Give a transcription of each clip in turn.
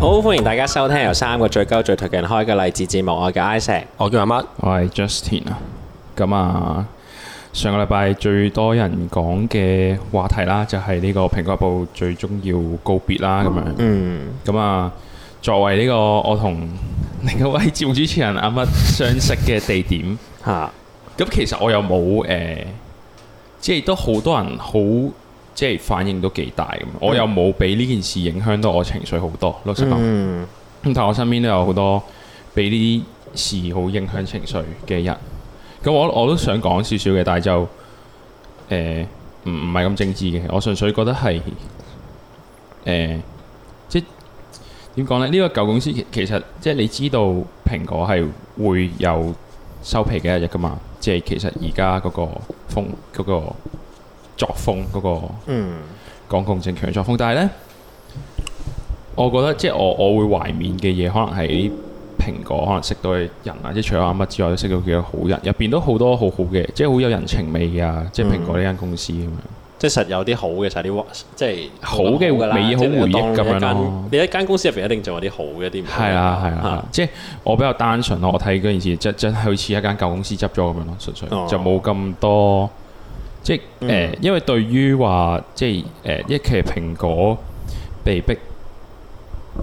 .好歡迎大家收聽由三個最高最貼近開嘅勵志節目，我叫 Isaac，我叫阿乜，我係 Justin 啊。咁啊，上個禮拜最多人講嘅話題啦，就係、是、呢個蘋果報最終要告別啦咁樣。嗯。咁啊那、嗯，作為呢個我同另一位節目主持人阿乜相識嘅地點吓，咁、啊、其實我又冇誒、呃，即係都好多人好。即係反應都幾大，我又冇俾呢件事影響到我情緒好多，老實講。咁、嗯、但係我身邊都有好多俾呢啲事好影響情緒嘅人，咁我我都想講少少嘅，但係就誒唔唔係咁政治嘅，我純粹覺得係誒、呃、即點講咧？呢、呢個舊公司其實即係你知道蘋果係會有收皮嘅一日噶嘛？即係其實而家嗰個風、嗰個嗰個作風嗰個講共正強作風，但係呢，我覺得即係我我會懷念嘅嘢，可能喺蘋果，可能識到嘅人啊，即係除咗阿乜之外，都識到幾多好人，入邊都很多很好多好好嘅，即係好有人情味啊！即係蘋果呢間、嗯、公司咁樣，即係實有啲好嘅的，就係啲即係好嘅美好回憶咁樣你，你，一你一間公司入邊一定仲有啲好嘅，啲，係啊係啊，啊啊啊即係我比較單純咯。我睇嗰件事，即真係好似一間舊公司執咗咁樣咯，純粹就冇咁多。即誒、呃，因為對於話即係誒、呃，一期實蘋果被逼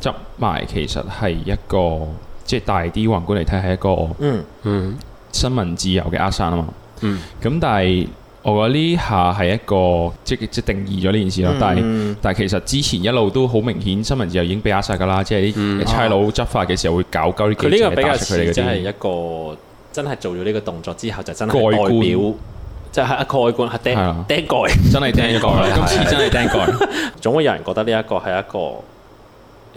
執埋，其實係一個即係大啲宏觀嚟睇係一個嗯嗯新聞自由嘅扼殺啊嘛嗯。嗯，咁、嗯嗯嗯、但係我覺得呢下係一個即係即定義咗呢件事咯。但係但係其實之前一路都好明顯新聞自由已經被扼殺噶啦，即係啲差佬執法嘅時候會搞鳩呢個。佢、嗯、呢、嗯、個比較嘅真係一個真係做咗呢個動作之後就真係代表。就係一蓋棺，係釘釘蓋，真係釘蓋，今次真係釘蓋。總會有人覺得呢一個係一個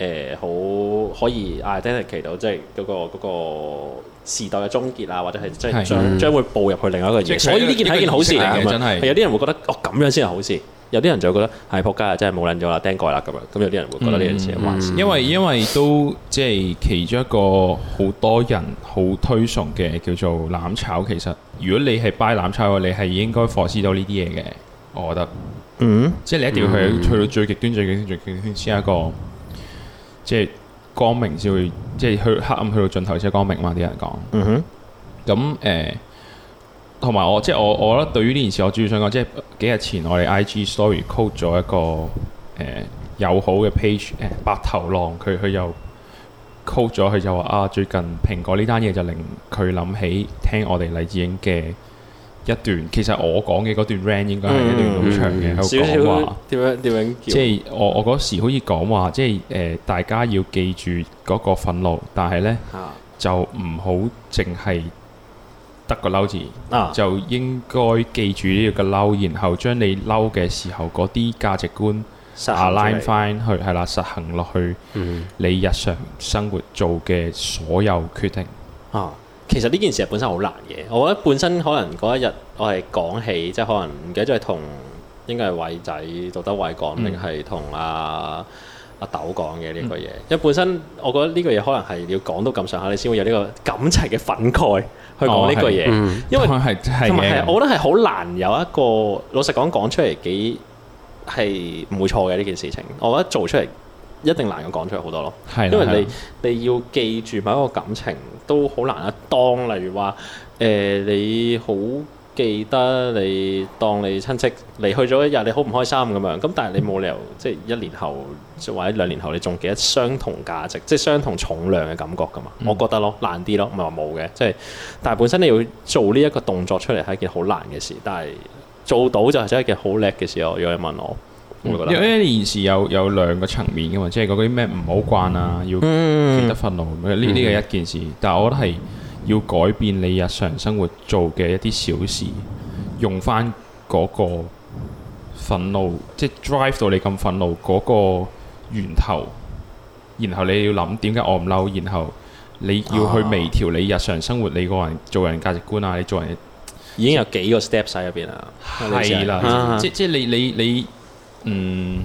誒，好可以 identify 啊，釘釘企到，即係嗰個嗰個時代嘅終結啊，或者係即係將將會步入去另一個嘢。所以呢件係一件好事嚟嘅，真係。有啲人會覺得哦，咁樣先係好事；有啲人就會覺得係仆街啊，真係冇撚咗啦，釘蓋啦咁樣。咁有啲人會覺得呢件事係壞事。因為因為都即係其中一個好多人好推崇嘅叫做攬炒，其實。如果你係 buy 攬炒嘅，你係應該防禦到呢啲嘢嘅，我覺得。嗯、mm。Hmm. 即係你一定要去去到最極端、mm hmm. 最極端、最極端先一個，即、就、係、是、光明先會，即、就、係、是、去黑暗去到盡頭先係光明嘛，啲人講。嗯哼、mm。咁、hmm. 誒，同、呃、埋我即係我我覺得對於呢件事，我主要想講，即係幾日前我哋 IG Story quote 咗一個誒友、呃、好嘅 page 誒、呃、白頭浪，佢佢有。quote 咗佢就話啊，最近蘋果呢單嘢，就令佢諗起聽我哋黎智英嘅一段，其實我講嘅嗰段 rain 應該係一段好長嘅，喺度講話點樣點樣。樣即係我我嗰時可以講話，即係誒、呃，大家要記住嗰個憤怒，但係呢，啊、就唔好淨係得個嬲字，啊、就應該記住呢個嬲，然後將你嬲嘅時候嗰啲價值觀。實行番去係啦，實行落去你日常生活做嘅所有決定啊！其實呢件事本身好難嘅，我覺得本身可能嗰一日我係講起，即係可能唔記得咗係同應該係偉仔杜德偉講，定係同阿阿豆講嘅呢句嘢。因為本身我覺得呢句嘢可能係要講到咁上下，你先會有呢個感情嘅憤慨去講呢句嘢。因為係係，我覺得係好難有一個老實講講出嚟幾。係唔會錯嘅呢件事情，我覺得做出嚟一定難過講出嚟好多咯。的因為你的你要記住某一個感情都好難啊。當例如話誒、呃，你好記得你當你親戚離去咗一日，你好唔開心咁樣。咁但係你冇理由、嗯、即係一年後，或者兩年後，你仲記得相同價值，即係相同重量嘅感覺㗎嘛？我覺得咯，難啲咯，唔係話冇嘅，即係但係本身你要做呢一個動作出嚟係一件好難嘅事，但係。做到就係真係件好叻嘅時候，有人問我，我覺得因為件事有有兩個層面嘅嘛，即係嗰啲咩唔好慣啊，嗯、要變得憤怒咁樣呢啲嘅一件事。嗯、但係我覺得係要改變你日常生活做嘅一啲小事，用翻嗰個憤怒，即係 drive 到你咁憤怒嗰個源頭。然後你要諗點解我唔嬲，然後你要去微調你日常生活，你個人做人價值觀啊，你做人。已經有幾個 step 喺入邊啦，係啦，即即你你你，嗯，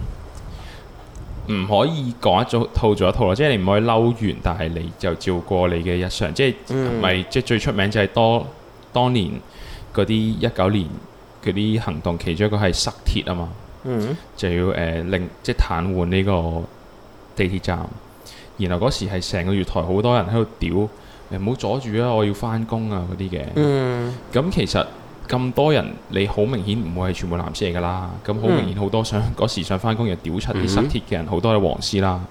唔可以講一套做一套咯，即係你唔可以嬲完，但係你就照過你嘅日常，即係咪、嗯、即最出名就係多當年嗰啲一九年嗰啲行動，其中一個係塞鐵啊嘛，嗯，就要誒、呃、令即癱瘓呢個地鐵站，然後嗰時係成個月台好多人喺度屌。唔好阻住啊！我要翻工啊嗰啲嘅，咁、mm. 其實咁多人，你好明顯唔會係全部藍絲嚟噶啦。咁好明顯好多想嗰、mm. 時想翻工又屌柒啲塞鐵嘅人，好、mm. 多係黃絲啦。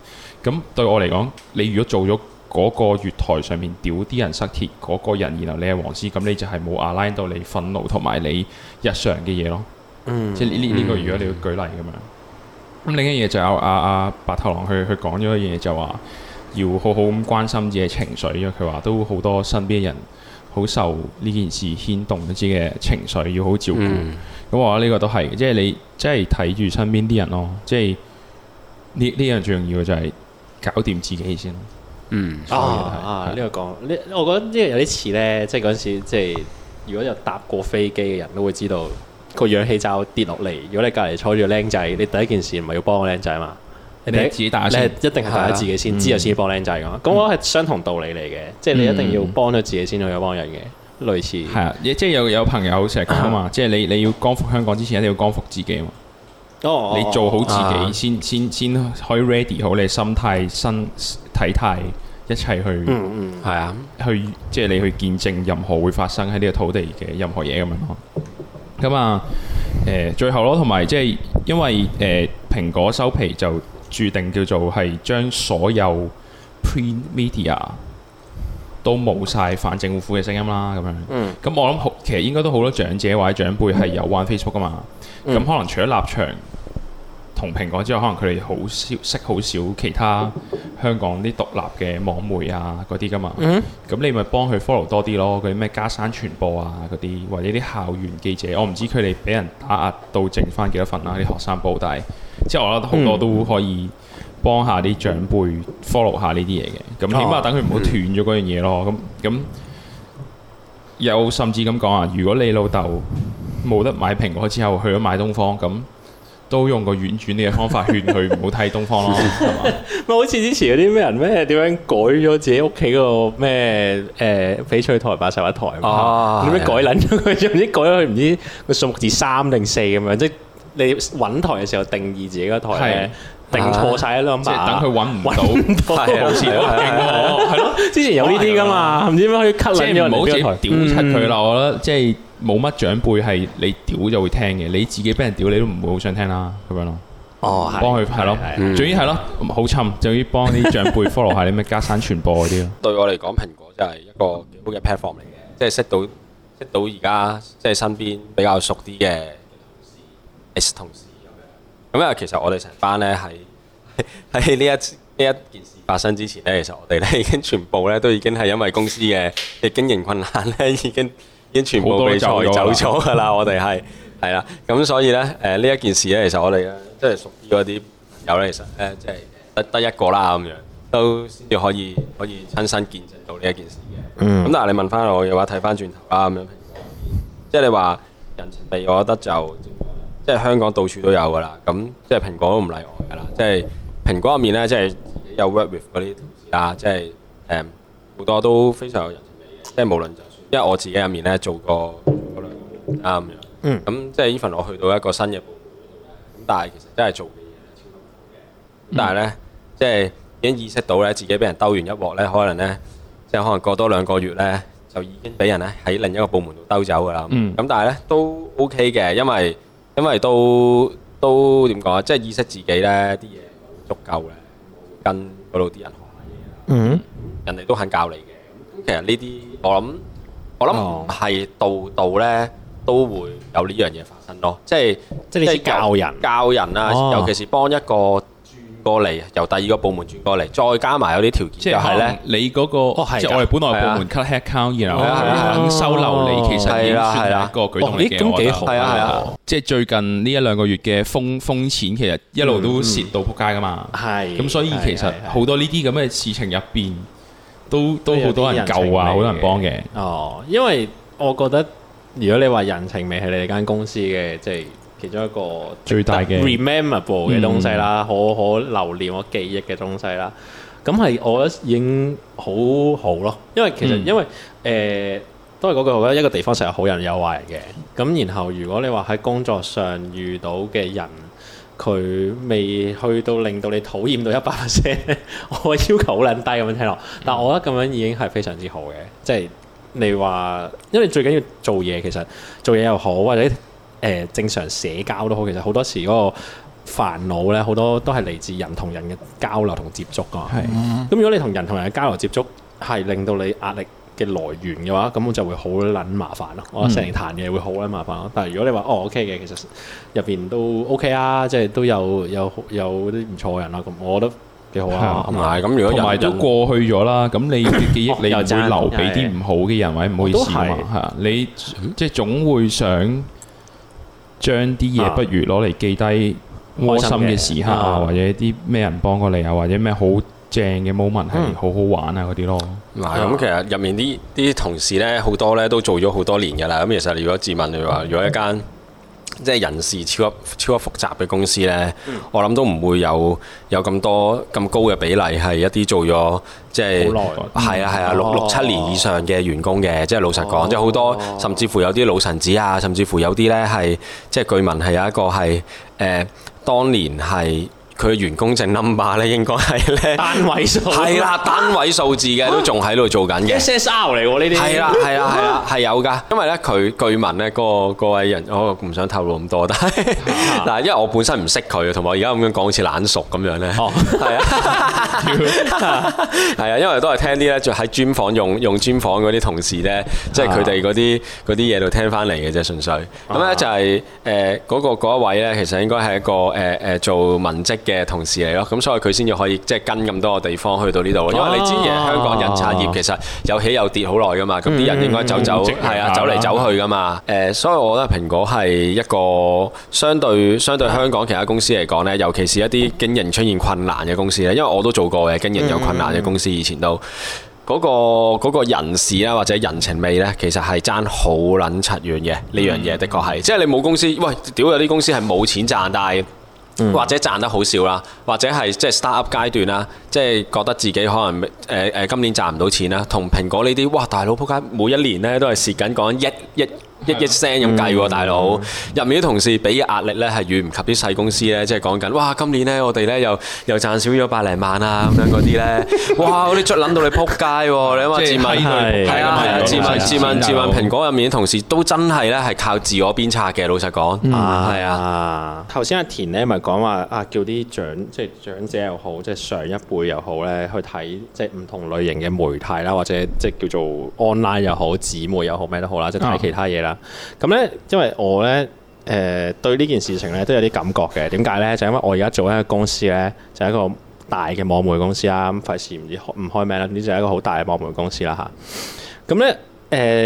咁對我嚟講，你如果做咗嗰個月台上面屌啲人塞鐵嗰個人，然後你係黃絲，咁你就係冇 align 到你憤怒同埋你日常嘅嘢咯。嗯、mm.，即係呢呢呢個，這個、如果你要舉例咁樣。咁、mm. 另一嘢就有阿、啊、阿、啊啊啊、白頭狼佢佢講咗一嘢、就是，就話。要好好咁關心自己嘅情緒，因為佢話都好多身邊人好受呢件事牽動自己嘅情緒，要好照顧。咁我覺得呢個都係，即係你即係睇住身邊啲人咯，即係呢呢樣最重要嘅就係搞掂自己先。嗯，啊呢個講，呢我覺得呢個有啲似呢。即係嗰陣時，即係如果有搭過飛機嘅人都會知道，個氧氣罩跌落嚟，如果你隔離坐住個僆仔，你第一件事唔係要幫個僆仔嘛？你係自己，你係一定係自己先，之後先幫靚仔咁。咁我係相同道理嚟嘅，即係你一定要幫咗自己先去幫人嘅，類似係啊。即係有有朋友成日講啊嘛，即係你你要光復香港之前，一定要光復自己啊嘛。你做好自己先，先先可以 ready 好你心態、身體態一齊去。嗯嗯，係啊，去即係你去見證任何會發生喺呢個土地嘅任何嘢咁樣咯。咁啊，誒，最後咯，同埋即係因為誒蘋果收皮就。注定叫做係將所有 print media 都冇晒反政府嘅聲音啦，咁樣。嗯。咁我諗好，其實應該都好多長者或者長輩係有玩 Facebook 噶嘛。嗯。咁可能除咗立場同蘋果之外，可能佢哋好少識好少其他香港啲獨立嘅網媒啊嗰啲噶嘛。嗯哼。咁你咪幫佢 follow 多啲咯，嗰啲咩加山傳播啊嗰啲，或者啲校園記者。我唔知佢哋俾人打壓到剩返幾多份啦，啊，啲學生報，但係之後我覺得好多都可以幫下啲長輩 follow 下呢啲嘢嘅，咁起碼等佢唔好斷咗嗰樣嘢咯。咁咁有甚至咁講啊，如果你老豆冇得買蘋果之後去咗買東方，咁都用個婉轉嘅方法勸佢唔好睇東方咯，係嘛 吧？咪 好似之前嗰啲咩人咩點樣改咗自己屋企個咩誒翡翠台八十一台啊？點樣、啊、改撚咗佢？有啲的 改咗佢唔知個數目字三定四咁樣即。你揾台嘅時候，定義自己個台，定錯晒啦，等佢揾唔到，冇事咯，勁喎，係咯，之前有呢啲㗎嘛，唔知點解佢 cut 撚咗人哋啲台，屌柒佢啦。我覺得，即係冇乜長輩係你屌就會聽嘅，你自己俾人屌，你都唔會好想聽啦，咁樣咯，哦，幫佢係咯，仲要係咯，好沉，仲要幫啲長輩 follow 下你咩加山傳播嗰啲咯。對我嚟講，蘋果就係一個好嘅 platform 嚟嘅，即係識到識到而家即係身邊比較熟啲嘅。同事咁樣。咁啊，其實我哋成班咧喺喺呢一次呢一件事發生之前咧，其實我哋咧已經全部咧都已經係因為公司嘅嘅經營困難咧，已經已經全部走走咗㗎啦。我哋係係啦，咁所以咧誒呢一件事咧，其實我哋咧即係屬於嗰啲朋友咧，其實誒即係得得一個啦咁樣，都先至可以可以親身見證到呢一件事嘅。嗯。咁但係你問翻我嘅話，睇翻轉頭啦咁樣，即係你話人哋我覺得就。即係香港到處都有㗎啦，咁即係蘋果都唔例外㗎啦。即係蘋果入面咧，即係有 work with 嗰啲同事啊，即係誒好多都非常有人情味。即係無論就因為我自己入面咧做過好耐啊咁樣，咁即係 Even 我去到一個新嘅部門，咁但係其實真係做嘅嘢係超多嘅。咁但係咧，即係已經意識到咧，自己俾人兜完一鑊咧，可能咧即係可能過多兩個月咧，就已經俾人咧喺另一個部門度兜走㗎啦。咁但係咧都 OK 嘅，因為因為都都點講啊，即係意識自己咧啲嘢足夠咧，跟嗰度啲人學下嘢，嗯、mm，hmm. 人哋都肯教你嘅。咁其實道道呢啲我諗我諗係度度咧都會有呢樣嘢發生咯，即係即係教人教人啊，哦、尤其是幫一個。過嚟，由第二個部門轉過嚟，再加埋有啲條件，即係咧，你嗰個即係我哋本來部門 cut headcount，然後咧收留你，其實已經算係一個舉動嚟咁幾好，係啊係啊！即係最近呢一兩個月嘅風風錢，其實一路都蝕到撲街㗎嘛。係。咁所以其實好多呢啲咁嘅事情入邊，都都好多人救啊，好多人幫嘅。哦，因為我覺得，如果你話人情味係你間公司嘅，即係。其中一個最大嘅 rememberable 嘅東西啦，可可留念、我記憶嘅東西啦。咁係我覺得已經好好咯，因為其實、嗯、因為誒、呃、都係嗰句，我覺得一個地方成日好人有壞人嘅。咁然後如果你話喺工作上遇到嘅人，佢未去到令到你討厭到一百 percent，我要求好撚低咁樣聽落。但我覺得咁樣已經係非常之好嘅，即係你話因為最緊要做嘢，其實做嘢又好或者。誒正常社交都好，其實好多時嗰個煩惱咧，好多都係嚟自人同人嘅交流同接觸㗎。係，咁如果你同人同人嘅交流接觸係令到你壓力嘅來源嘅話，咁我就會好撚麻煩咯。我成日彈嘢會好撚麻煩咯。但係如果你話哦 OK 嘅，其實入邊都 OK 啊，即係都有有有啲唔錯嘅人啦。咁我覺得幾好啊。同咁如果同都過去咗啦，咁你記憶你又會留俾啲唔好嘅人，或者唔好意思嘛你即係總會想。將啲嘢不如攞嚟記低窩心嘅時刻,開心嘅時刻啊，或者啲咩人幫過你啊，或者咩好正嘅 moment 係好好玩啊嗰啲咯。嗱、啊，咁其實入面啲啲同事咧，好多咧都做咗好多年噶啦。咁其實你如果自問，你話，嗯、如果一間即係人事超級超級複雜嘅公司呢，嗯、我諗都唔會有有咁多咁高嘅比例係一啲做咗即係，係啊係啊六六七年以上嘅員工嘅，啊、即係老實講，啊、即係好多甚至乎有啲老臣子啊，甚至乎有啲呢係即係據聞係有一個係誒、呃、當年係。佢嘅員工證 number 咧，應該係咧，單位數，係啦，單位數字嘅都仲喺度做緊嘅，SSR 嚟喎呢啲，係啦係啦係啦係有噶，因為咧佢據聞咧嗰個嗰位人，我唔想透露咁多，但係嗱，因為我本身唔識佢，同埋而家咁樣講似懶熟咁樣咧，係啊，係啊，因為都係聽啲咧，就喺專訪用用專訪嗰啲同事咧，即係佢哋嗰啲嗰啲嘢度聽翻嚟嘅啫，純粹咁咧就係誒嗰個嗰一位咧，其實應該係一個誒誒做文職。.嘅同事嚟咯，咁所以佢先至可以即係跟咁多個地方去到呢度，因為你知嘅，香港印刷業其實有起有跌好耐噶嘛，咁啲、啊、人應該走走係、嗯、啊，走嚟走去噶嘛。誒、嗯，所以我覺得蘋果係一個相對相對香港其他公司嚟講咧，尤其是一啲經營出現困難嘅公司咧，因為我都做過嘅經營有困難嘅公司，以前都嗰、嗯個嗰、個人事啊或者人情味咧，其實係爭好撚柒樣嘢。呢樣嘢的確係、嗯、即係你冇公司，喂，屌有啲公司係冇錢賺，但係。或者賺得好少啦，或者係即係 startup 階段啦，即係覺得自己可能誒誒、呃、今年賺唔到錢啦，同蘋果呢啲，哇大佬，仆街，每一年咧都係蝕緊，講一一。一一一聲咁計喎，大佬入面啲同事俾嘅壓力咧係遠唔及啲細公司咧，即係講緊哇，今年咧我哋咧又又賺少咗百零萬啦，咁樣嗰啲咧，哇，我啲捽撚到你撲街喎！你問自問，係啊，自問自問自問，蘋果入面啲同事都真係咧係靠自我鞭策嘅，老實講，係啊。頭先阿田咧咪講話啊，叫啲長即係長者又好，即係上一輩又好咧，去睇即係唔同類型嘅媒體啦，或者即係叫做 online 又好、紙媒又好咩都好啦，即係睇其他嘢啦。咁咧，因為我咧，誒、呃、對呢件事情咧都有啲感覺嘅。點解咧？就係、因為我而家做一個公司咧，就係、一個大嘅網媒公司啦、啊。咁費事唔唔開名啦，呢就係一個好大嘅網媒公司啦、啊、嚇。咁、啊、咧，誒、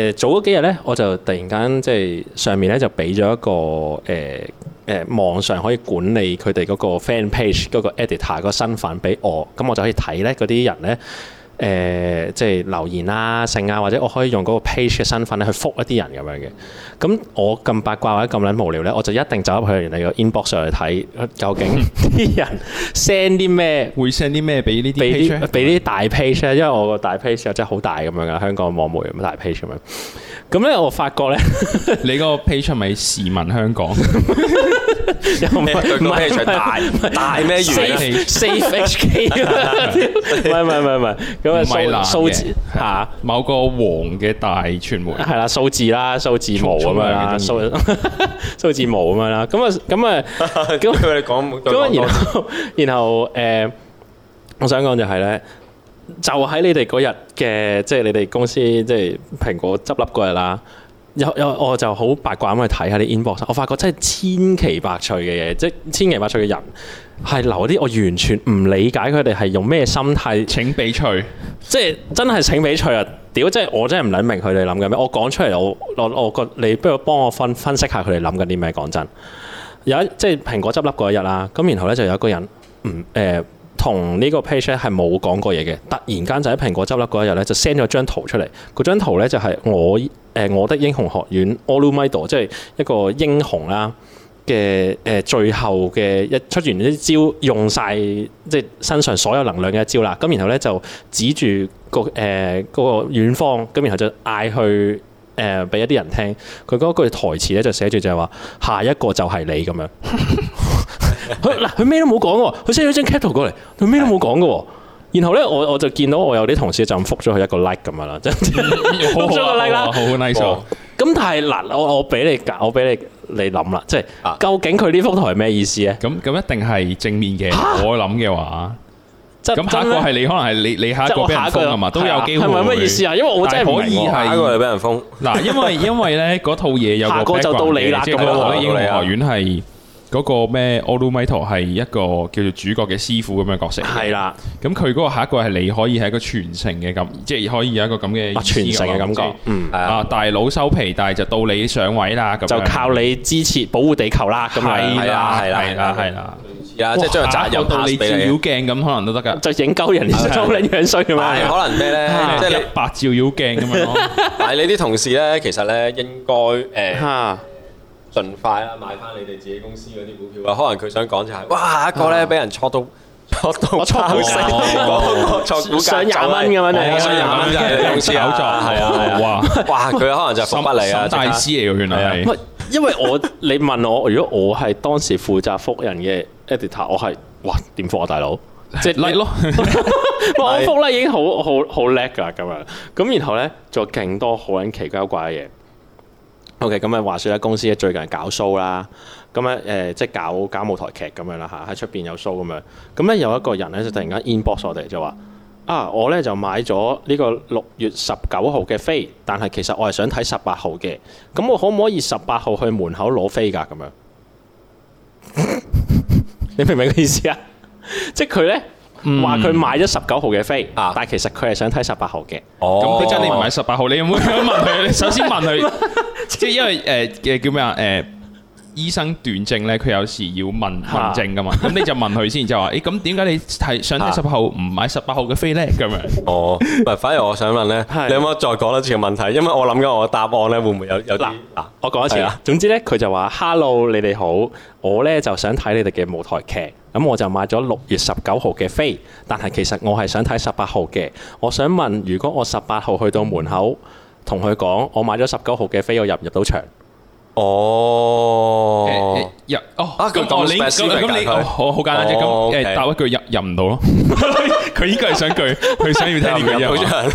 呃、早嗰幾日咧，我就突然間即係、就係、上面咧就俾咗一個誒誒、呃、網上可以管理佢哋嗰個 fan page 嗰個 editor 個身份俾我。咁我就可以睇咧嗰啲人咧。誒、呃，即係留言啦、啊、性啊，或者我可以用嗰個 page 嘅身份咧去復一啲人咁樣嘅。咁我咁八卦或者咁撚無聊咧，我就一定走入去人哋個 inbox 上去睇，究竟啲 人 send 啲咩，會 send 啲咩俾呢啲 p a 啲大 page 咧，因為我個大 page 又真係好大咁樣嘅，香港網媒咁大 page 咁樣。咁咧，我發覺咧， 你個 page 咪市民香港？ 有咩？唔係，大咩？H K？Safe HK？唔係，唔係，唔係，唔係。咁啊，數字吓，某個黃嘅大傳媒係啦，數字啦，數字模咁樣啦，數數字模咁樣啦。咁啊，咁啊，咁佢哋講，咁啊，然後，然後誒，我想講就係咧，就喺你哋嗰日嘅，即係你哋公司，即係蘋果執笠嗰日啦。有有我就好八卦咁去睇下啲 inbox，我發覺真係千奇百趣嘅嘢，即係千奇百趣嘅人係留啲我完全唔理解佢哋係用咩心態。請俾趣，即係真係請俾趣啊！屌，即係我真係唔諗明佢哋諗緊咩，我講出嚟，我我我覺你不如幫我分分析下佢哋諗緊啲咩？講真，有一即係蘋果執笠嗰一日啦，咁然後咧就有一個人唔誒。嗯呃同呢個 page 咧係冇講過嘢嘅，突然間就喺蘋果執笠嗰一日咧，就 send 咗張圖出嚟。嗰張圖咧就係我誒、呃、我的英雄學院 Alumido，即係一個英雄啦嘅誒最後嘅一出完呢招用晒即係身上所有能量嘅一招啦。咁然後咧就指住個誒嗰、呃嗰個遠方，咁然後就嗌去誒俾、呃、一啲人聽。佢嗰句台詞咧就寫住就係話：下一個就係你咁樣。 佢嗱，佢咩都冇講喎，佢 send 咗張 caption 過嚟，佢咩都冇講嘅。然後咧，我我就見到我有啲同事就咁覆咗佢一個 like 咁樣啦，真係覆咗個 like，好 nice 喎。咁但係嗱，我我俾你，我俾你你諗啦，即係究竟佢呢幅圖係咩意思咧？咁咁一定係正面嘅，我諗嘅話，咁下一個係你可能係你，你下一個俾人封係咪都有機會，係咪咩意思啊？因為我真係可以係下個又俾人封嗱，因為因為咧嗰套嘢有個 back up 嘅，即係我覺得英皇學院係。嗰個咩 a l u Mitu 係一個叫做主角嘅師傅咁嘅角色。係啦，咁佢嗰個下一個係你可以係一個傳承嘅咁，即係可以有一個咁嘅傳承嘅感覺。啊大佬收皮，但就到你上位啦。咁就靠你支持保護地球啦。係啦，係啦，係啦，係啦。即係將來摘右到你照妖鏡咁可能都得㗎。就影鳩人，鳩你樣衰嘛？可能咩咧？即係你白照妖鏡咁樣咯。但係你啲同事咧，其實咧應該誒，盡快啦，買翻你哋自己公司嗰啲股票，可能佢想講就係，哇一個咧俾人錯到錯到錯死，個個錯股價廿蚊咁樣，你賺廿蚊有係炒作係啊！哇哇，佢可能就復不嚟啊，大師嚟嘅原來係，因為我你問我，如果我係當時負責復人嘅 editor，我係哇點復啊，大佬直係叻咯，我復咧已經好好好叻㗎啦咁樣，咁然後咧仲有勁多好人奇交怪嘅嘢。OK，咁啊，話説咧，公司最近搞 show 啦，咁咧誒，即係搞搞舞台劇咁樣啦嚇，喺出邊有 show 咁樣，咁咧有一個人咧就突然間 inbox 我哋就話：啊，我咧就買咗呢個六月十九號嘅飛，但係其實我係想睇十八號嘅，咁我可唔可以十八號去門口攞飛㗎？咁樣，你明唔明個意思啊？即係佢咧話佢買咗十九號嘅飛，嗯、但係其實佢係想睇十八號嘅。哦，咁佢真係唔係十八號，你有冇咁樣問佢？ 你首先問佢。 即係因為誒誒、呃、叫咩啊？誒、呃，醫生斷症咧，佢有時要問問症噶嘛，咁 你就問佢先，就話誒，咁點解你係想睇十八號唔買十八號嘅飛呢？」咁樣哦，反而我想問呢， 你有冇再講多次個問題？因為我諗緊我答案咧會唔會有有嗱，我講一次啦。啊、總之呢，佢就話：「Hello，你哋好，我呢就想睇你哋嘅舞台劇，咁我就買咗六月十九號嘅飛，但係其實我係想睇十八號嘅。我想問，如果我十八號去到門口？同佢講，我買咗十九號嘅飛，我入唔入到場？哦，入哦啊！咁你咁你我好簡單啫，咁誒答一句入入唔到咯。佢依個係想句，佢想要聽呢句啫。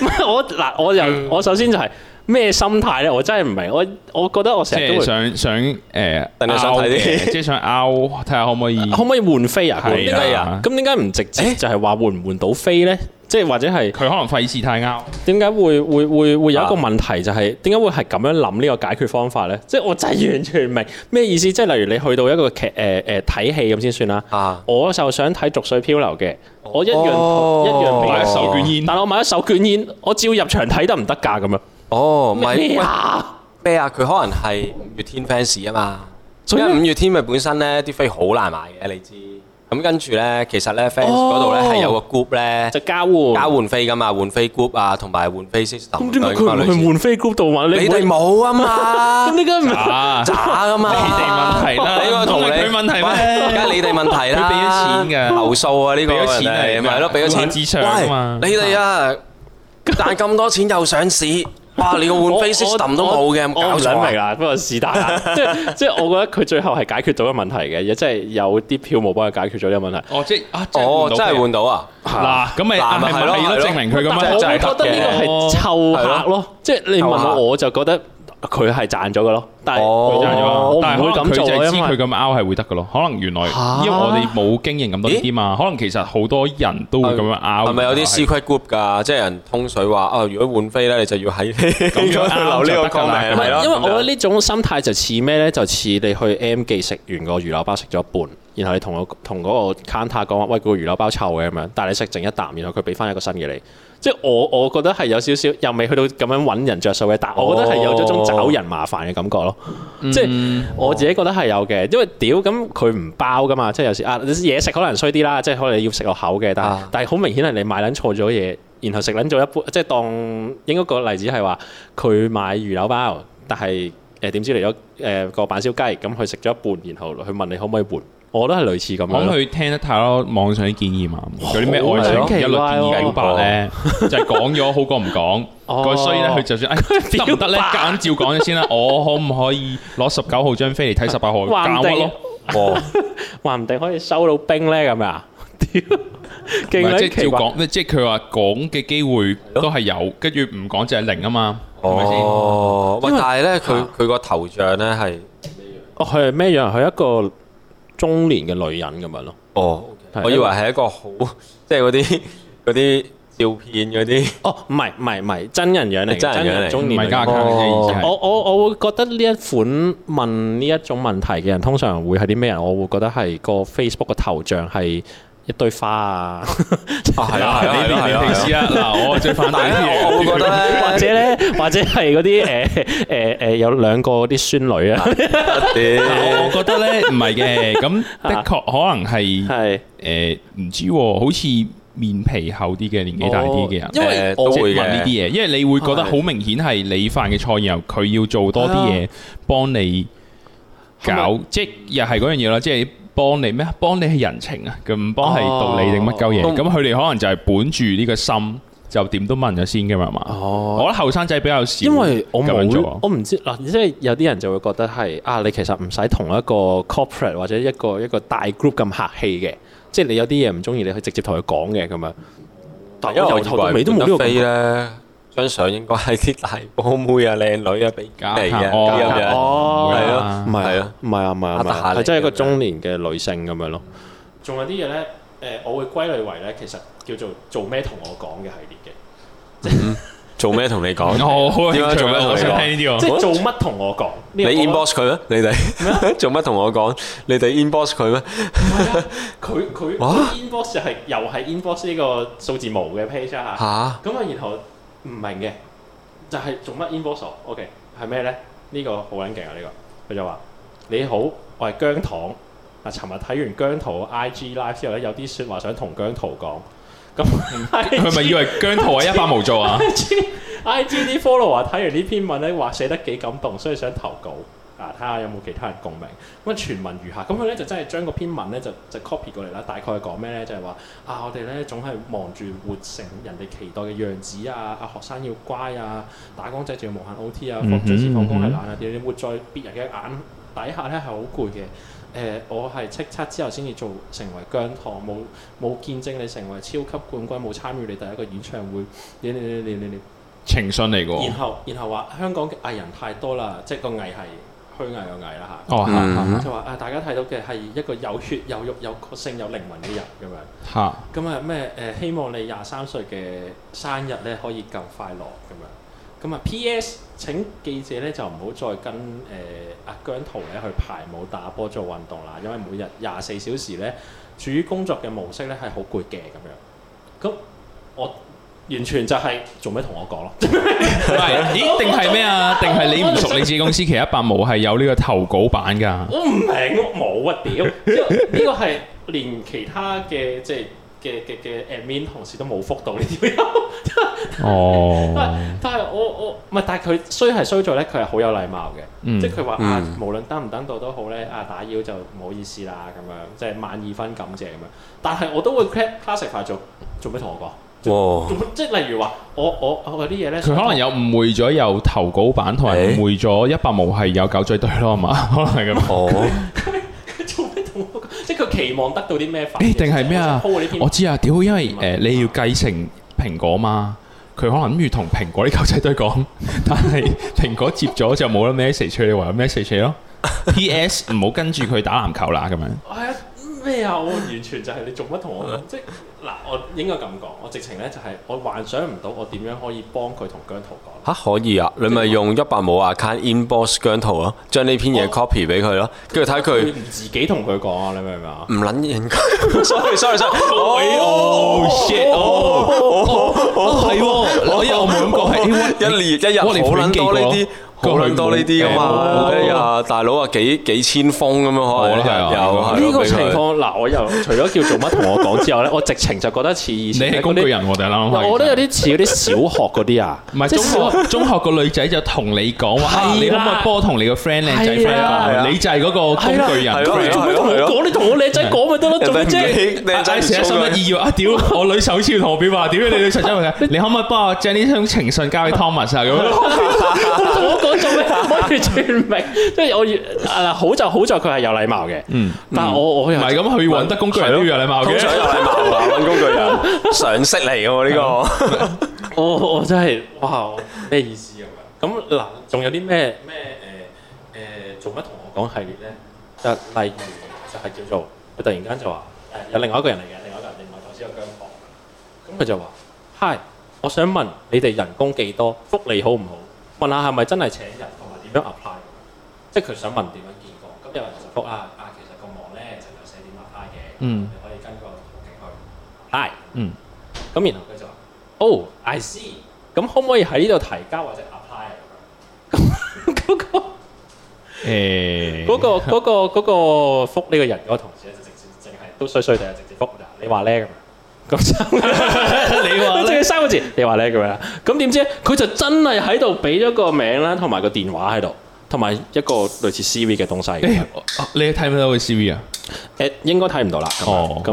唔係我嗱，我又我首先就係咩心態咧？我真係唔明。我我覺得我成日都想想誒，想睇啲即係想拗睇下可唔可以，可唔可以換飛啊？係啊，咁點解唔直接就係話換唔換到飛咧？即係或者係佢可能費事太啱，點解會會會會有一個問題就係點解會係咁樣諗呢個解決方法呢？即、就、係、是、我真係完全唔明咩意思。即、就、係、是、例如你去到一個劇誒誒睇戲咁先算啦。啊、我就想睇《逐水漂流》嘅，哦、我一樣、哦、一樣買一手捲煙，但我買一手捲煙，我照入場睇得唔得㗎咁樣。哦，唔係咩啊？咩啊？佢可能係五月天 fans 啊嘛。所以五月天咪本身呢啲飛好難買嘅，你知。咁跟住呢，其實呢，Facebook 嗰度呢係有個 group 呢，就交換交換飛噶嘛，換飛 group 啊，同埋換 Facebook。咁點解佢唔去換飛 group 度玩？你哋冇啊嘛？咁你梗係渣啊嘛？你哋問題啦，你個同你問題咩？梗係你哋問題啦，俾咗錢噶投訴啊！呢個問題咪咯，俾咗錢。喂，你哋啊，賺咁多錢又上市。哇！你個換 face cam 都冇嘅，我想明啦。不過是但，即即我覺得佢最後係解決到個問題嘅，亦即係有啲票務幫佢解決咗呢個問題。哦，即啊，哦，真係換到啊！嗱，咁咪係咯，證明佢咁就係得。我覺得呢個係臭客咯，即係你問我，我就覺得。佢係賺咗嘅咯，但係佢、oh，賺咗，但係佢佢做，係知佢咁拗 u t 係會得嘅咯。為可能原來、啊、因為我哋冇經營咁多啲嘛，咦可能其實好多人都會咁樣拗、啊。u 係咪有啲 secret group 㗎？即係人通水話啊、哦，如果換飛咧，你就要喺咁樣 out 呢個概念係因為我覺得呢種心態就似咩咧？就似你去 M 記食完個魚柳包食咗一半，然後你同我同嗰個 counter 講話，喂，個魚柳包臭嘅咁樣，但係你食剩一啖，然後佢俾翻一個新嘅你。即係我我覺得係有少少又未去到咁樣搵人着數嘅，但我覺得係有咗種找人麻煩嘅感覺咯。嗯、即係我自己覺得係有嘅，因為屌咁佢唔包噶嘛，即係有時啊，嘢食可能衰啲啦，即係可能要食落口嘅，但係、啊、但係好明顯係你買撚錯咗嘢，然後食撚咗一半，即係當應該個例子係話佢買魚柳包，但係誒點知嚟咗誒個板燒雞，咁佢食咗一半，然後去問你可唔可以換？我都係類似咁樣，咁佢聽得太多網上啲建議嘛，嗰啲咩愛情一律建議表白咧，就係講咗好過唔講。所以咧，佢就算得唔得咧，夾硬照講咗先啦。我可唔可以攞十九號張飛嚟睇十八號？搞乜咯，話唔定可以收到兵咧，係咪啊？唔係即係照講咧，即係佢話講嘅機會都係有，跟住唔講就係零啊嘛。係咪先？哦，喂，但係咧，佢佢個頭像咧係，哦佢係咩樣？佢係一個。中年嘅女人咁樣咯。哦，oh, okay，係，我以為係一個好，即係嗰啲嗰啲照片嗰啲。哦，唔係唔係唔係，真人樣嚟，真人樣嚟，唔係嘅意思係。我我我會覺得呢一款問呢一種問題嘅人，通常會係啲咩人？我會覺得係個 Facebook 個頭像係。一對花啊，係啦，呢邊係平時啊。嗱，我最反對啲嘢，或者咧，或者係嗰啲誒誒誒有兩個嗰啲孫女啊。我覺得咧唔係嘅，咁的確可能係誒唔知，好似面皮厚啲嘅年紀大啲嘅人，因為都會問呢啲嘢，因為你會覺得好明顯係你犯嘅錯，然後佢要做多啲嘢幫你搞，即又係嗰樣嘢啦，即係。幫你咩？幫你係人情啊，佢唔幫係道理定乜鳩嘢？咁佢哋可能就係本住呢個心，就點都問咗先嘅嘛嘛。哦、我覺得後生仔比較少，因為我冇，我唔知嗱、啊，即係有啲人就會覺得係啊，你其實唔使同一個 corporate 或者一個一個大 group 咁客氣嘅，即係你有啲嘢唔中意，你去直接同佢講嘅咁樣。對但係由頭到尾都冇呢得個飛咧。張相應該係啲大波妹啊、靚女啊、肥加肥嘅，哦，係咯，唔係啊，唔係啊，唔係啊，係真係一個中年嘅女性咁樣咯。仲有啲嘢咧，誒，我會歸類為咧，其實叫做做咩同我講嘅系列嘅，即係做咩同你講？我好有興趣啊！做咩同你講？即係做乜同我講？你 inbox 佢咩？你哋做乜同我講？你哋 inbox 佢咩？佢佢 inbox 就係又係 inbox 呢個數字模嘅 page 嚇？嚇？咁啊，然後。唔明嘅，就係做乜 inbox？OK，係咩呢？呢、這個好撚勁啊！呢、這個佢就話：你好，我係姜糖。啊，尋日睇完姜濤 IG live 之後咧，有啲説話想同姜濤講。咁佢咪以為姜濤係一發無做啊？IG 啲 follower 睇完呢篇文咧，話寫得幾感動，所以想投稿。嗱，睇下有冇其他人共鳴咁啊！全文如下，咁佢咧就真係將個篇文咧就就 copy 過嚟啦。大概係講咩咧？就係、是、話啊，我哋咧總係忙住活成人哋期待嘅樣子啊！啊，學生要乖啊，打工仔仲要無限 O T 啊，放最遲放工係懶啊，你活在別人嘅眼底下咧係好攰嘅。誒、呃，我係叱咤之後先至做成為姜糖，冇冇見證你成為超級冠軍，冇參與你第一個演唱會，你你你你你你情信嚟㗎。然後然後話香港嘅藝人太多啦，即係個藝係。虛偽有危啦吓，哦嗯、 就話啊大家睇到嘅係一個有血有肉有個性有靈魂嘅人咁樣，咁啊咩誒、呃、希望你廿三歲嘅生日咧可以更快樂咁樣，咁啊 P.S. 請記者咧就唔好再跟誒阿、呃、姜濤咧去排舞打波做運動啦，因為每日廿四小時咧處於工作嘅模式咧係好攰嘅咁樣，咁我。完全就係、是 欸、做咩同我講咯？唔係，咦？定係咩啊？定係你唔熟你自己公司其他百無係有呢個投稿版㗎？我唔係，我冇啊屌！呢個係連其他嘅即係嘅嘅嘅 admin 同事都冇覆到呢條友哦。但係但係我我唔係，但係佢衰係衰咗咧，佢係好有禮貌嘅，即係佢話啊，無論登唔登到都好咧，啊打擾就唔好意思啦，咁樣即係、就是、萬二分感謝咁樣。但係我都會 class classic 化，做做咩同我講？哇！哦、即係例如話，我我有啲嘢咧，佢可能有誤會咗，有投稿版同埋誤會咗一百毛係有狗仔隊咯，係嘛、欸？可能係咁哦。佢做咩同我講即係佢期望得到啲咩反應？誒定係咩啊？我知啊，屌，因為誒、呃、你要繼承蘋果嘛，佢可能諗住同蘋果啲狗仔隊講，但係蘋果接咗就冇啦 message，你話有 message、欸、咯？PS 唔好跟住佢打籃球啦咁樣、啊。呀！我完全就係你做乜同我？即嗱，我應該咁講，我直情咧就係我幻想唔到我點樣可以幫佢同姜圖講嚇可以啊！你咪用一百冇 account inbox 姜圖咯，將呢篇嘢 copy 俾佢咯，跟住睇佢，自己同佢講啊！你明唔明啊？唔撚認，sorry sorry sorry。Oh shit！哦哦我因為我冇講一年一日，我撚講呢啲。無論多呢啲啊嘛，一日大佬啊幾幾千封咁樣，可能係啊，呢個情況嗱，我又除咗叫做乜同我講之後咧，我直情就覺得似以前，你係工具人我哋喎，我覺得有啲似嗰啲小學嗰啲啊，唔係中學，中學個女仔就同你講話，你可唔可以幫我同你個 friend 靚仔。係啊，你就係嗰個工具人。你做乜同我講？你同我靚仔講咪得咯？做咩啫？靚仔寫信得意要啊，屌！我女首次同我表白，屌解你女仔次問你？你可唔可以幫我將呢通情信交俾 Thomas 啊？咁。我做咩可以證明？即係我啊，好就好在佢係有禮貌嘅。嗯，但係我我唔係咁，佢揾得工具人都要有禮貌嘅。揾工具人常識嚟嘅喎，呢個我我真係哇，咩意思咁樣？咁嗱，仲有啲咩咩誒誒，做乜同我講系列咧？就例如就係叫做佢突然間就話誒，有另外一個人嚟嘅，另外一個人另外頭先有姜房。咁佢就話 Hi，我想問你哋人工幾多？福利好唔好？問下係咪真係請人同埋點樣 apply？即係佢想問點樣見過。咁有人就復，啊啊，其實個網咧，就有寫點 apply 嘅。嗯，可以跟個途徑去。係。嗯。咁然後佢就話，Oh，I see。咁可唔可以喺呢度提交或者 apply？咁嗰個誒，嗰個嗰個嗰個復呢個人嗰個同事咧，就直接淨係都衰衰哋啊，直接復㗎。你話咧咁啊？咁 收，你話咧三個字，你話咧咁樣，咁點知佢就真係喺度俾咗個名啦，同埋個電話喺度，同埋一個類似 CV 嘅東西、欸。你睇唔睇到佢 CV 啊？誒，應該睇唔到啦。哦，咁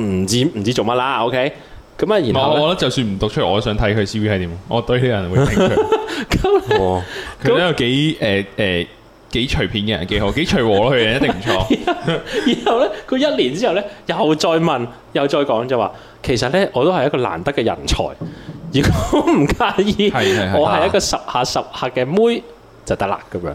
唔知唔知做乜啦？OK，咁啊，然後我我覺得就算唔讀出嚟，我都想睇佢 CV 係點。我對呢啲人會聽，佢咧、啊哦、有幾誒誒。哦呃呃幾隨便嘅人幾好，幾隨和咯，佢人 一定唔錯。 然後呢，佢一年之後呢，又再問又再講就話，其實呢，我都係一個難得嘅人才，如果唔介意，是是是是我係一個十下十下嘅妹就得啦咁樣。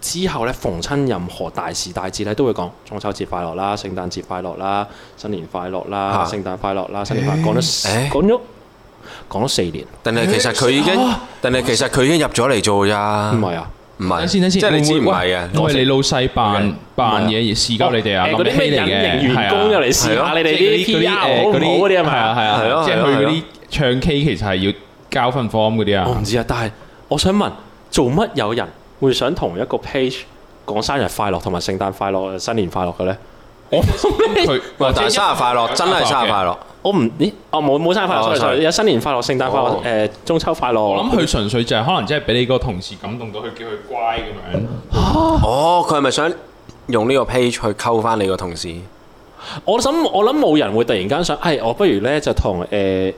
之後咧，逢親任何大時大節咧，都會講中秋節快樂啦、聖誕節快樂啦、新年快樂啦、聖誕快樂啦、新年快樂講咗講咗講咗四年，但係其實佢已經，但係其實佢已經入咗嚟做咋，唔係啊，唔係。等即係你知唔係啊？我係你老細扮扮嘢而試交你哋啊！嗰啲咩人，形員工又嚟試下你哋啲？嗰啲誒嗰啲啊？係啊係啊，即係佢嗰啲唱 K 其實係要交份 form 嗰啲啊！我唔知啊，但係我想問，做乜有人，會想同一個 page 講生日快樂同埋聖誕快樂、新年快樂嘅咧？我唔但係生日快樂 真係生日快樂，Okay. 我唔咦哦冇冇生日快樂，有、oh, sorry. 新年快樂、聖誕快樂、誒、oh. 呃、中秋快樂。我諗佢純粹就係可能即係俾你個同事感動到，佢叫佢乖咁樣。 哦，佢係咪想用呢個 page 去溝翻你個同事？我諗我諗冇人會突然間想，係、哎、我不如咧就同誒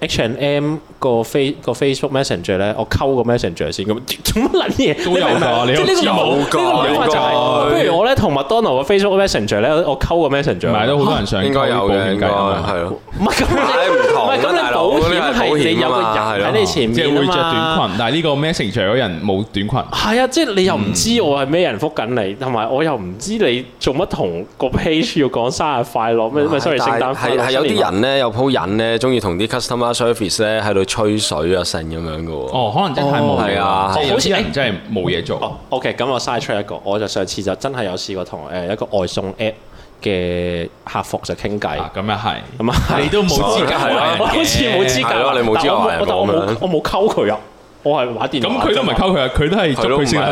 H&M。個 face 個 Facebook Messenger 咧，我溝個 Messenger 先咁做乜撚嘢？即係呢個呢個玩法就係，不如我咧同麥當勞個 Facebook Messenger 咧，我溝個 Messenger。唔係好多人上應該有嘅，係啊，唔係咁你唔投，唔係咁你保險係你有個人喺你前面啊嘛。即係會著短裙，但係呢個 Messenger 嗰人冇短裙。係啊，即係你又唔知我係咩人覆緊你，同埋我又唔知你做乜同個 page 要講生日快樂咩咩？sorry，聖誕快樂。係有啲人咧，有 po 癮咧，鍾意同啲 customer service 咧喺度。吹水啊，成咁樣噶喎。哦，可能真係冇嘢。啊，即係好似真係冇嘢做。哦，OK，咁我嘥出一個。我就上次就真係有試過同誒一個外送 app 嘅客服就傾偈。咁又係。咁啊係。你都冇資格。好似冇資格。你冇知我話人咁樣。我冇溝佢啊。我係玩電話。咁佢都唔係溝佢啊，佢都係捉佢先。係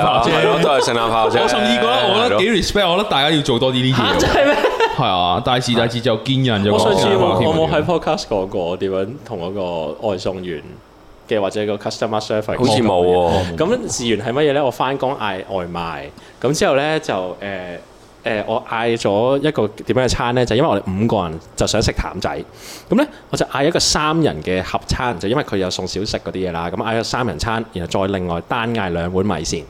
咯，都係順眼炮。我甚至覺得我覺得幾 respect，我覺得大家要做多啲呢啲嘢。真係咩？係啊，大係事在子就見人咗。我上次我冇喺 podcast 講過點樣同嗰個外送員嘅或者個 customer service。好似冇喎。咁事緣係乜嘢咧？我返工嗌外賣，咁之後咧就誒。誒、呃，我嗌咗一個點樣嘅餐咧，就是、因為我哋五個人就想食譚仔，咁咧我就嗌一個三人嘅盒餐，就是、因為佢有送小食嗰啲嘢啦，咁嗌咗三人餐，然後再另外單嗌兩碗米線，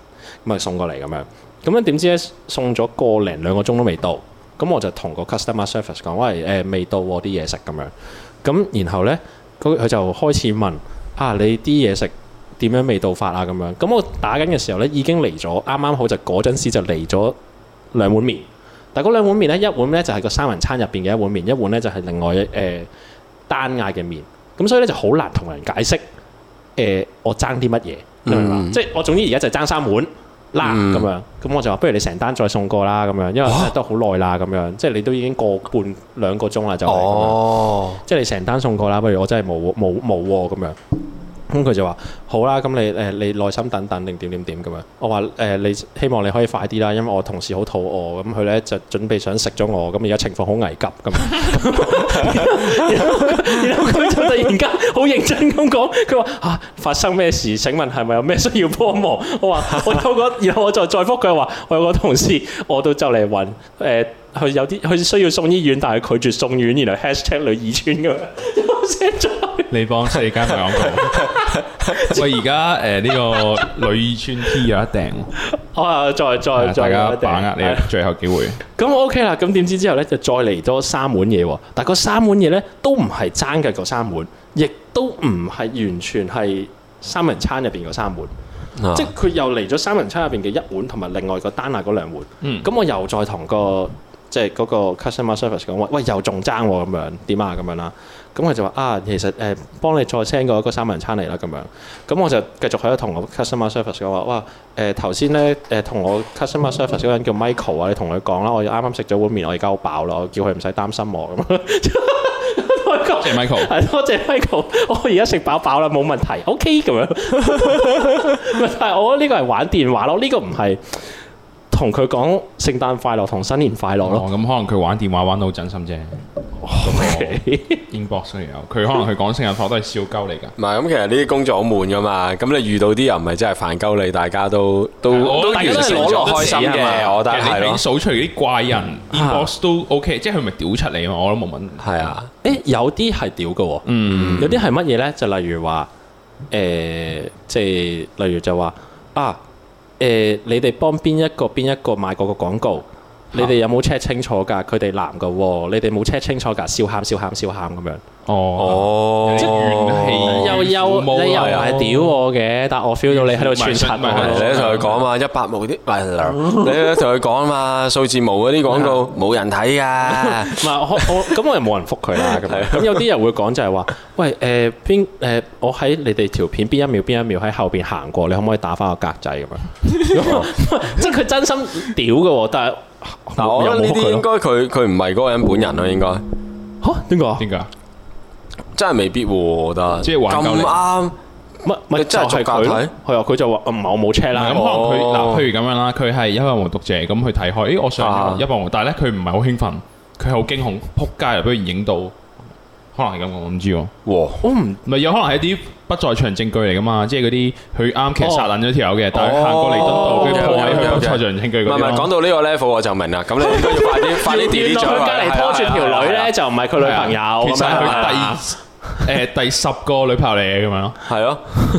咁啊送過嚟咁樣，咁咧點知咧送咗個零兩個鐘都未到，咁、嗯、我就同個 customer service 講：「喂誒、呃、未到喎啲嘢食咁樣，咁、嗯、然後咧佢就開始問啊你啲嘢食點樣未到法啊咁樣，咁、嗯、我打緊嘅時候咧已經嚟咗，啱啱好就嗰陣時就嚟咗。兩碗麵，但嗰兩碗麵咧，一碗咧就係個三人餐入邊嘅一碗麵，一碗咧就係另外誒、呃、單嗌嘅麵，咁所以咧就好難同人解釋誒、呃、我爭啲乜嘢，嗯、你明嘛？即係我總之而家就爭三碗啦咁、嗯、樣，咁我就話不如你成單再送過啦咁樣，因為都好耐啦咁樣，蛤即係你都已經過半兩個鐘啦就係，哦、即係你成單送過啦，不如我真係冇冇冇喎咁樣。咁佢就話：好啦，咁你誒你耐心等等定點點點咁樣。我話誒、呃、你希望你可以快啲啦，因為我同事好肚餓，咁佢咧就準備想食咗我，咁而家情況好危急咁。 然後然後佢就突然間好認真咁講，佢話啊發生咩事？請問係咪有咩需要幫忙？我話我嗰個， 然後我再再覆佢話我有個同事，我都就嚟揾誒。呃佢有啲佢需要送醫院，但係拒絕送醫院，然後 hashtag 女二村咁樣， 出你幫四，所以而家同我講，喂、呃，而家誒呢個女二村 T 有一訂，好啊，再再再，大家把握你最後機會。咁 OK 啦，咁點知之後咧就再嚟多三碗嘢喎，但係三碗嘢咧都唔係爭嘅嗰三碗，亦都唔係完全係三人餐入邊嗰三碗，啊、即係佢又嚟咗三人餐入邊嘅一碗同埋另外個單啊嗰兩碗，嗯，咁我又再同個。即係嗰個 customer service 講話，喂又仲爭喎咁樣，點啊咁樣啦？咁佢就話啊，其實誒、欸、幫你再 send 個嗰三個人餐嚟啦咁樣。咁我就繼續喺度同我 customer service 講話，哇誒頭先咧誒同我 customer service 嗰個人叫 Michael 啊，你同佢講啦，我啱啱食咗碗麵，我而家好飽啦，我叫佢唔使擔心我咁樣。樣 多謝 Michael，係 多謝 Michael， 多謝 Michael、哦、我而家食飽飽啦，冇問題，OK 咁樣。 但係我覺得呢個係玩電話咯，呢、呢個唔係。同佢講聖誕快樂同新年快樂咯。咁可能佢玩電話玩到好真心啫。inbox 雖然有，佢可能佢講聖誕都係笑鳩嚟㗎。唔係咁，其實呢啲工作好悶㗎嘛。咁你遇到啲人咪真係煩鳩你，大家都都。我都已經攞落開心嘅，我覺得係你數出嚟啲怪人 inbox 都 OK，即係佢咪屌出嚟嘛。我都冇問。係啊，誒有啲係屌嘅喎，嗯，有啲係乜嘢咧？就例如話，誒，即係例如就話啊。誒、欸，你哋幫邊一個邊一個買嗰個廣告？你哋有冇 check 清楚㗎？佢哋男㗎喎，你哋冇 check 清楚㗎。笑喊笑喊笑喊咁樣。哦，即係怨氣，又又你又又係屌我嘅，但我 feel 到你喺度串柒。你咧同佢講啊嘛，一百毛嗰啲，你咧同佢講啊嘛，數字毛嗰啲廣告冇人睇噶，唔係我我咁我又冇人覆佢啦。咁樣咁有啲人會講就係話，喂誒邊誒我喺你哋條片邊一秒邊一秒喺後邊行過，你可唔可以打翻個格仔咁樣？即係佢真心屌嘅，但係嗱，我諗呢啲應該佢佢唔係嗰個人本人咯，應該吓？點解？點解？真係未必喎，得即係玩咁啱，乜乜真係在假睇？係啊，佢、嗯、就話唔係我冇 check 啦。咁可能佢嗱，譬如咁樣啦，佢係一百萬讀者咁去睇開。誒，我上一百萬，啊、但係咧佢唔係好興奮，佢好驚恐，撲街啊！俾佢影到。可能係咁，我唔知喎。我唔咪有可能係啲不在場證據嚟噶嘛？即係嗰啲佢啱其實殺爛咗條友嘅，但係行過嚟敦道，跟住喺佢有在場證據唔係唔講到呢個 level 我就明啦。咁你都要快啲，快啲點到佢隔籬拖住條女咧，就唔係佢女朋友，其實係佢第誒第十個女朋友嚟嘅咁樣咯。係咯，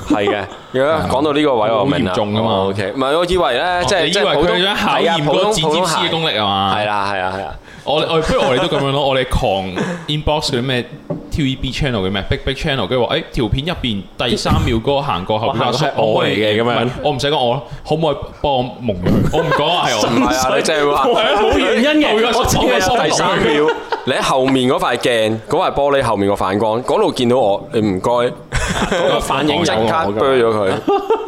係嘅。如果講到呢個位，我明啦，嚴重噶嘛。O K，唔係我以為咧，即係即係佢想考驗個剪接師嘅功力啊嘛。係啦，係啊，係啊。我哋不如我哋都咁樣咯，我哋狂 inbox 嗰啲咩 TVB channel 嘅咩 Big Big Channel，跟住話誒條片入邊第三秒嗰個行過後邊係我嚟嘅咁樣，我唔使講我咯，可唔可以幫我蒙佢？我唔講啊，係我唔係啊，你即係話冇原因嘅，我講緊第三秒。你喺後面嗰塊鏡嗰塊玻璃後面個反光嗰度見到我，你唔該，啊嗰個反應一卡飛咗佢。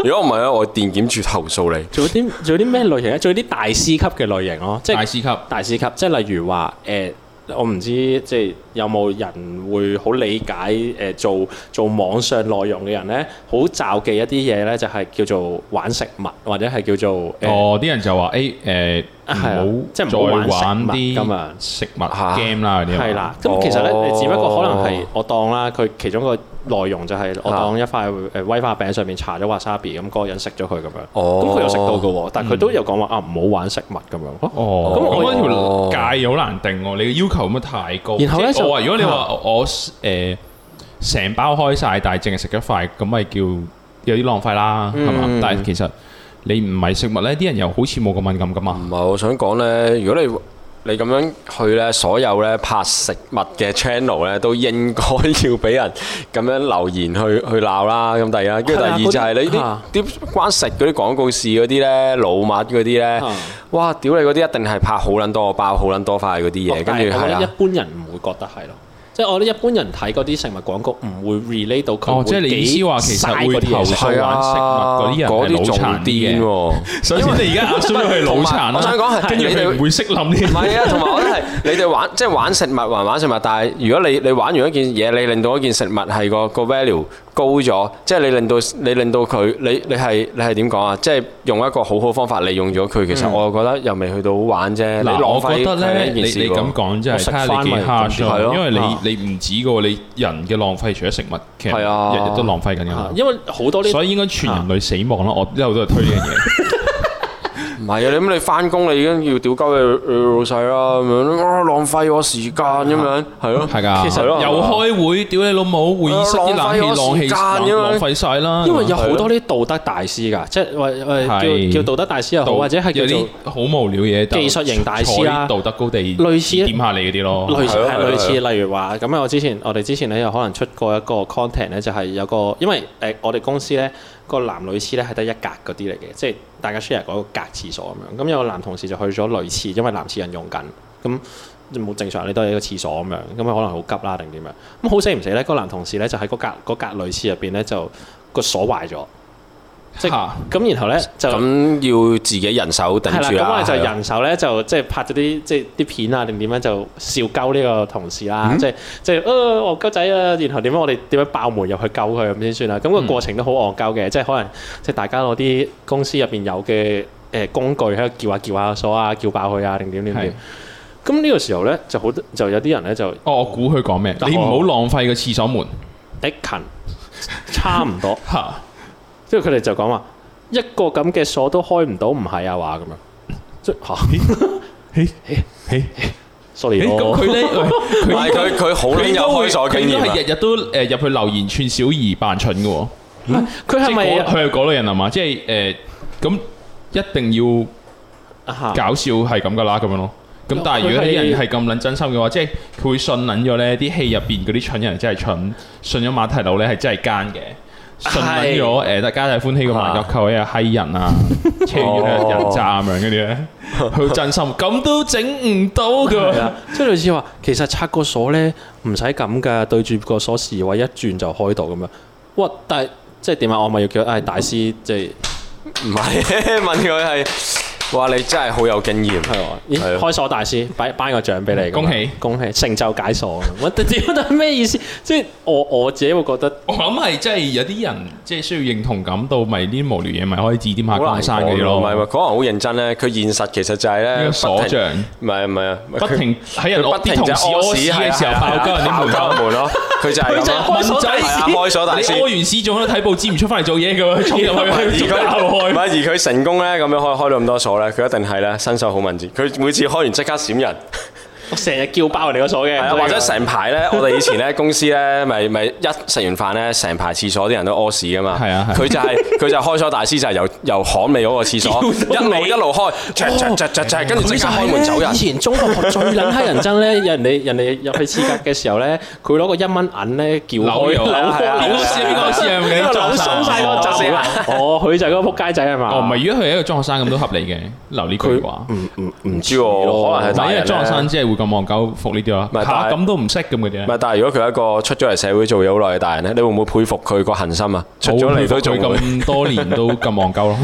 如果唔係咧， 我電檢處投訴你。做啲做啲咩類型咧？做啲大師級嘅類型咯，哦，即係大師級。大師級，即係例如話誒。欸我唔知即係有冇人會好理解誒，呃、做做網上內容嘅人咧，好詐忌一啲嘢咧，就係、是、叫做玩食物或者係叫做哦啲、呃、人就話 A 誒，唔好即係唔好玩啲咁啊食物 game 啦啲係啦，咁其實咧，哦、你只不過可能係我當啦，佢其中一個。內容就係我當一塊誒威化餅上面查咗 wasabi 咁嗰個人食咗佢咁樣，咁佢又食到嘅喎，嗯、但係佢都有講話啊唔好玩食物咁樣。哦，咁、哦、我覺得條界好難定喎，你嘅要求咁樣太高。然後咧就，如果你話我誒成、呃、包開晒，但係淨係食一塊，咁咪叫有啲浪費啦，係嘛？嗯、但係其實你唔係食物咧，啲人又好似冇咁敏感噶嘛。唔係，我想講咧，如果你。你咁樣去咧，所有咧拍食物嘅 channel 咧，都應該要俾人咁樣留言去去鬧啦。咁第二，跟住、啊、第二就係你啲啲、啊、關食嗰啲廣告事嗰啲咧，老麥嗰啲咧，啊、哇！屌你嗰啲一定係拍好撚多個包、好撚多塊嗰啲嘢，跟住係啊。但是、然後、一般人唔、啦、會覺得係咯。即係我覺得一般人睇嗰啲食物廣告唔會 relate 到佢，即你其實會投訴啊！嗰啲人好癲嘅，所以我哋而家眼酸係腦殘。我想講係跟住你哋會識諗呢啲嘢。唔係啊，同埋我覺得係你哋玩，即係玩食物還玩食物。但係如果你你玩完一件嘢，你令到一件食物係個個 value。高咗，即係你令到你令到佢，你你係你係點講啊？即係用一個好好方法利用咗佢，嗯、其實我覺得又未去到好玩啫。嗱，你我覺得咧，你你咁講即係睇下你幾慳，因為你、啊、你唔止嘅你人嘅浪費除咗食物，其實日日都浪費緊嘅、啊、因為好多啲，所以應該全人類死亡啦！啊、我一路都係推呢樣嘢。係啊！你咁你翻工你已經要屌鳩你老細啦，咁樣啊浪費我時間咁樣，係咯，係㗎，其實又開會，屌你老母，會議室啲冷氣浪費我時間，浪費曬啦。因為有好多啲道德大師㗎，即係叫道德大師又好，或者係叫好無聊嘢。技術型大師啦，道德高地，類似點下你嗰啲咯，類似類似，例如話咁我之前我哋之前咧有可能出過一個 content 咧，就係有個因為誒我哋公司咧。個男女廁咧係得一格嗰啲嚟嘅，即係大家 share 嗰個格廁所咁樣。咁有個男同事就去咗女廁，因為男廁人用緊，咁冇正常你都係一個廁所咁樣。咁佢可能好急啦定點樣？咁好死唔死咧？個男同事咧就喺嗰格嗰格女廁入邊咧就個鎖壞咗。即咁，然後咧就咁要自己人手頂住啦。咁我哋就人手咧，就即係拍咗啲即係啲片啊，定點樣就笑鳩呢個同事啦。即係即係啊，戇鳩仔啊！然後點樣我哋點樣爆門入去救佢咁先算啦。咁個過程都好戇鳩嘅，即係可能即係大家攞啲公司入邊有嘅誒工具喺度撬下撬下鎖啊，撬爆佢啊，定點點點。咁呢個時候咧就好就有啲人咧就哦，我估佢講咩？你唔好浪費個廁所門。的近差唔多。即係佢哋就講話一個咁嘅鎖都開唔到，唔係啊話咁樣，即係吓？sorry 我。咁佢咧，佢好咧，又、哎哎、開鎖經驗。佢係日日都誒入去留言串小儀扮蠢噶，佢係咪？佢係嗰類人係嘛？即係誒，咁、呃、一定要搞笑係咁噶啦，咁樣咯。咁但係如果啲人係咁捻真心嘅話，即係佢會信捻咗呢啲戲入邊嗰啲蠢人真係蠢，信咗馬蹄露咧係真係奸嘅。順揾咗誒，大家大歡喜個埋腳扣啊，閪人啊，車完、 哦、人站咁嗰啲咧，好真心咁都整唔到㗎， 即係類似話其實拆個鎖咧唔使咁㗎，對住個鎖匙位一轉就開到咁樣。哇！但係即係點呀？我咪要叫係大師，即係唔係問佢係？哇！你真係好有經驗，係嘛？開鎖大師，頒頒個獎俾你，恭喜恭喜，成就解鎖。我哋點咩意思？即係我我自己會覺得，我諗係即係有啲人即係需要認同感，到咪啲無聊嘢咪可以指點下江山嘅咯。唔係唔係，可能好認真咧。佢現實其實就係咧鎖匠，唔係唔係，不停喺人攞啲同事屙屎嘅時候，爆鳩啲門口門咯。佢就係咁咯。開鎖大師，你屙完屎仲要睇報紙唔出翻嚟做嘢咁樣沖入去，反而佢成功咧咁樣可以開到咁多鎖。佢一定係啦，身手好敏捷。佢每次開完即刻閃人。 我成日叫包人哋個鎖嘅，或者成排咧，我哋以前咧公司咧，咪咪一食完飯咧，成排廁所啲人都屙屎噶嘛。係啊，佢就係佢就係開鎖大師，就係由由巷尾嗰個廁所一路一路開，逐逐逐逐就係跟住即刻開門走人。以前中國最撚閪人憎咧，有人哋人哋入去廁格嘅時候咧，佢攞個一蚊銀咧叫開，係啊，屎啊，屎啊，屎啊，走曬，走曬。哦，佢就係嗰個撲街仔啊嘛。哦，唔係，如果佢係一個中學生咁都合理嘅，留呢句話。唔唔唔知喎，可能係真嘅咧。因為中學生只係會。咁戇鳩服呢啲啊？唔係咁都唔識咁嘅啫。唔係，但係如果佢係一個出咗嚟社會做嘢好耐嘅大人咧，你會唔會佩服佢個恆心啊？出咗嚟都做咁多年都咁戇鳩咯。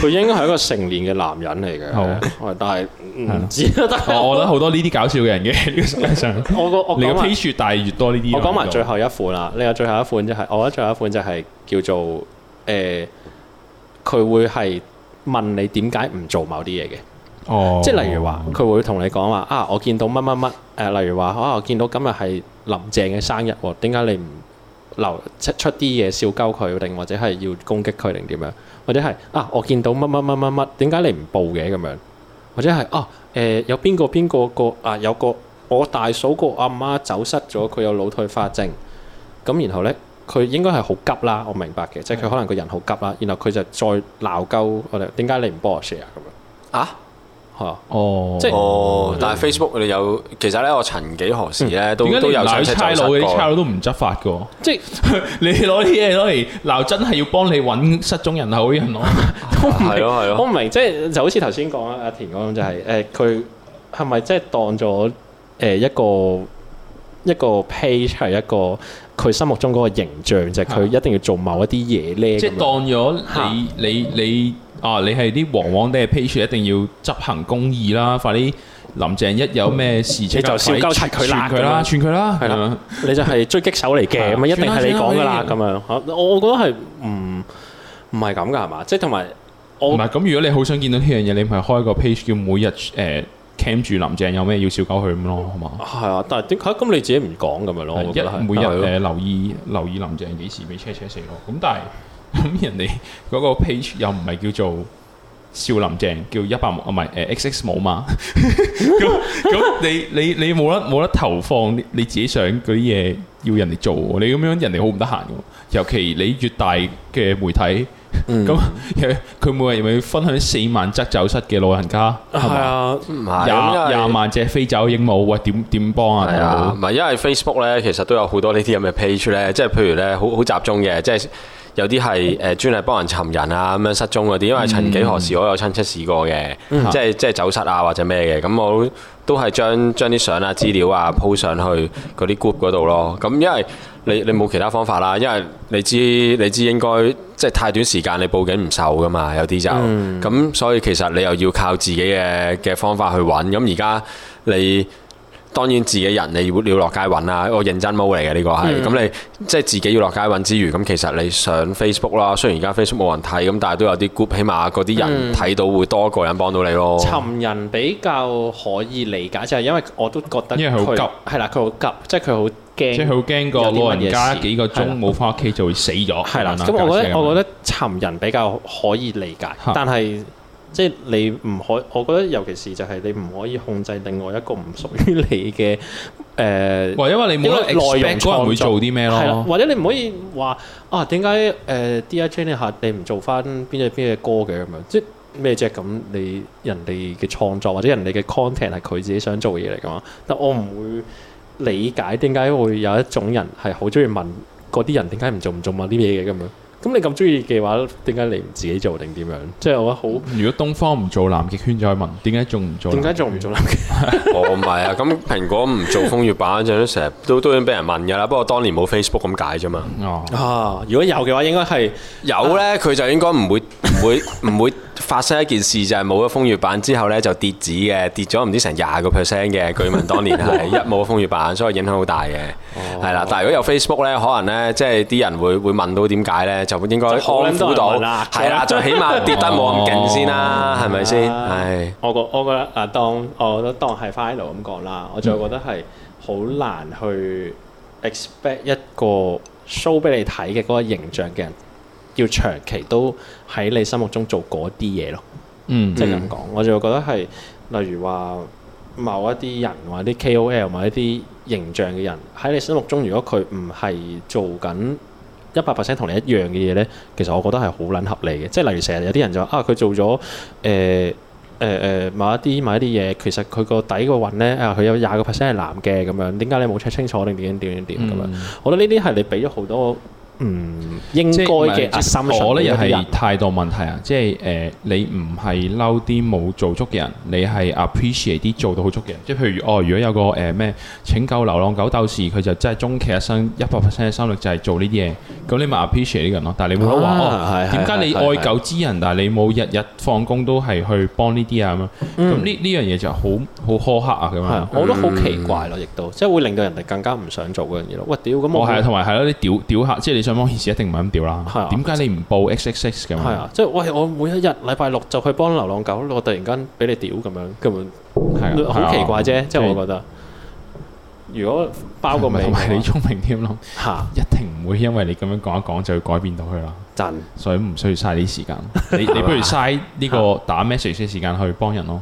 佢應該係一個成年嘅男人嚟嘅。好，但係唔知啊。我覺得好多呢啲搞笑嘅人嘅呢個世界上。我個我講話越大越多呢啲。我講埋最後一款啦。你有最後一款就係我覺得最後一款就係叫做誒，佢會係問你點解唔做某啲嘢嘅。哦，即係例如話，佢會同你講話啊，我見到乜乜乜誒，例如話啊，我見到今日係林鄭嘅生日，點解你唔留出啲嘢，笑鳩佢，定或者係要攻擊佢定點樣？或者係啊，我見到乜乜乜乜乜，點解你唔報嘅咁樣？或者係啊，誒、呃，有邊個邊個個啊，有個我大嫂個阿媽走失咗，佢有腦退化症。咁、嗯、然後咧，佢應該係好急啦，我明白嘅，即係佢可能個人好急啦。然後佢就再鬧鳩我哋，點解你唔幫我 share 咁樣？啊？哦，即係，哦嗯、但係 Facebook 佢哋有，其實咧，我曾幾何時咧、嗯、都都有在找失蹤。點解？嗱，差佬嗰啲差佬都唔執法嘅喎，即係 你攞啲嘢攞嚟鬧，真係要幫你揾失蹤人口嘅人咯。係咯係咯，我唔明，即係就好似頭先講阿阿田講咁，就係、是、誒，佢係咪即係當咗誒一個？一個 page 係一個佢心目中嗰個形象，就係、是、佢一定要做某一啲嘢咧。即係當咗你你你啊，你係啲黃黃哋嘅 page，一定要執行公義啦！快啲，林鄭一有咩事情就燒鳩柒佢爛啦，串佢啦，係啦的，吧你就係追擊手嚟嘅，咁啊 一定係你講噶啦，咁樣。我我覺得係唔唔係咁噶係嘛？即係同埋唔係咁。如果你好想見到呢樣嘢，你唔係開個 page 叫每日誒。呃鉗住林鄭有咩要少搞佢咁咯，係嘛？係啊，但係點解？咁你自己唔講咁樣咯？一每日誒留意留意林鄭幾時俾車車死咯？咁但係咁人哋嗰個 page 又唔係叫做少林鄭，叫一百冇啊，唔係誒 XX 冇嘛？咁咁你你你冇得冇得投放你自己想嗰啲嘢要人哋做，你咁樣人哋好唔得閒嘅，尤其你越大嘅媒體。咁佢佢每日咪要分享四萬則走失嘅老人家，係啊，廿廿萬隻飛走鸚鵡，喂點點幫啊？係啊，唔係因為 Facebook 咧，其實都有好多呢啲咁嘅 page 咧，即係譬如咧，好好集中嘅，即係。有啲係誒專係幫人尋人啊，咁樣失蹤嗰啲，因為曾幾何時我有親戚試過嘅，mm hmm. 即係即係走失啊或者咩嘅，咁我都係將將啲相啊、資料啊鋪上去嗰啲 group 嗰度咯。咁因為你你冇其他方法啦，因為你知你知應該即係太短時間你報警唔受㗎嘛，有啲就咁，mm hmm. 所以其實你又要靠自己嘅嘅方法去揾。咁而家你。當然自己人你要你要落街揾啊，我認真踎嚟嘅呢個係，咁、嗯、你即係、就是、自己要落街揾之餘，咁其實你上 Facebook 啦，雖然而家 Facebook 冇人睇，咁但係都有啲 group，起碼嗰啲人睇到會多一個人幫到你咯。嗯、尋人比較可以理解，就係、是、因為我都覺得因為佢好急，係啦，佢好急，即係佢好驚，即係好驚個老人家幾個鐘冇翻屋企就會死咗，係啦。咁我覺得我覺得尋人比較可以理解，但係是。嗯即係你唔可，我覺得尤其是就係你唔可以控制另外一個唔屬於你嘅誒。哇、呃！因為你冇得內容，佢會做啲咩咯？係啦，或者你唔可以話啊，點解誒 DJ 呢下你唔做翻邊隻邊隻歌嘅咁樣？即係咩啫？咁你人哋嘅創作或者人哋嘅 content 係佢自己想做嘅嘢嚟㗎嘛？但我唔會理解點解會有一種人係好中意問嗰啲人點解唔做唔做問啲嘢嘅咁樣。咁你咁鍾意嘅話，點解你唔自己做定點樣？即係我覺得好。如果東方唔做南極圈，再問點解仲唔做？點解仲唔做南極？我唔係啊！咁蘋果唔做風月版，都成日都都都俾人問㗎啦。不過當年冇 Facebook 咁解啫嘛。哦啊！如果有嘅話，應該係有咧，佢就應該唔會唔會唔會。啊 發生一件事就係冇咗風月版之後呢，就跌止嘅，跌咗唔知成廿個 percent 嘅，據聞當年係一冇風月版，所以影響好大嘅，係啦，oh。但係如果有 Facebook 呢，可能呢，即係啲人會會問到點解呢，就應該就康復到，係啦，最起碼跌得冇咁勁先啦，係咪先？係我覺我覺得啊，當我都當係 final 咁講啦，我就覺得係好難去 expect 一個 show 俾你睇嘅嗰個形象嘅人。要長期都喺你心目中做嗰啲嘢咯，嗯、mm，hmm. 即係咁講，我就覺得係例如話某一啲人，或者 KOL，或一啲形象嘅人喺你心目中，如果佢唔係做緊一百 percent 同你一樣嘅嘢咧，其實我覺得係好撚合理嘅。即係例如成日有啲人就話啊，佢做咗誒誒誒某一啲某一啲嘢，其實佢個底個運咧啊，佢有廿個 percent 係男嘅咁樣，點解你冇 check 清楚定點點點點點咁樣？Hmm. 我覺得呢啲係你俾咗好多。嗯，應該嘅。我呢又係態度問題啊，即係誒，你唔係嬲啲冇做足嘅人，你係 appreciate 啲做到好足嘅人。即係譬如哦，如果有個誒咩、呃、拯救流浪狗鬥士，佢就真係終其一生一百 percent 嘅心力就係做呢啲嘢，咁你咪 appreciate 呢個人咯。但係你冇得話哦，點解、啊、你愛狗之人，但係你冇日日放工都係去幫呢啲啊咁啊？咁呢呢樣嘢、嗯、就好好苛刻啊咁啊！係的，嗯、我覺得好奇怪咯，亦都即係會令到人哋更加唔想做嗰樣嘢咯。喂，屌咁，我同埋係咯啲屌、就是、你屌客，即、就、係、是、你上網顯示一定唔係咁屌啦，點解你唔報 XXX 咁啊？啊，即係我我每一日禮拜六就去幫流浪狗，我突然間俾你屌咁樣，根本係好奇怪啫，即係我覺得。如果包個名，同埋你聰明添咯，嚇一定唔會因為你咁樣講一講就改變到佢啦。真，所以唔需要嘥啲時間。你你不如嘥呢個打 message 嘅時間去幫人咯，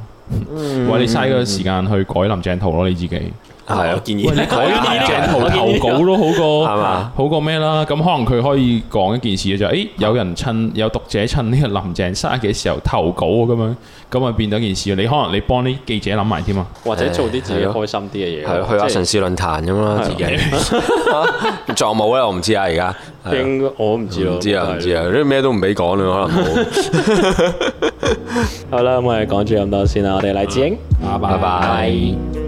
或者嘥個時間去改林鄭圖咯，你自己。係啊，建議喂，你改一啲啦，投稿都好過，係嘛，好過咩啦？咁可能佢可以講一件事嘅就係，誒，有人趁有讀者趁呢個林鄭生嘅時候投稿咁樣，咁啊變咗一件事。你可能你幫啲記者諗埋添啊，或者做啲自己開心啲嘅嘢。係咯，去阿城市論壇咁啦，自己撞冇咧，我唔知啊，而家應我唔知咯，知啊，唔知啊，啲咩都唔俾講啦，可能好。好啦，咁我哋講住咁多先啦，我哋黎智英，拜拜拜拜。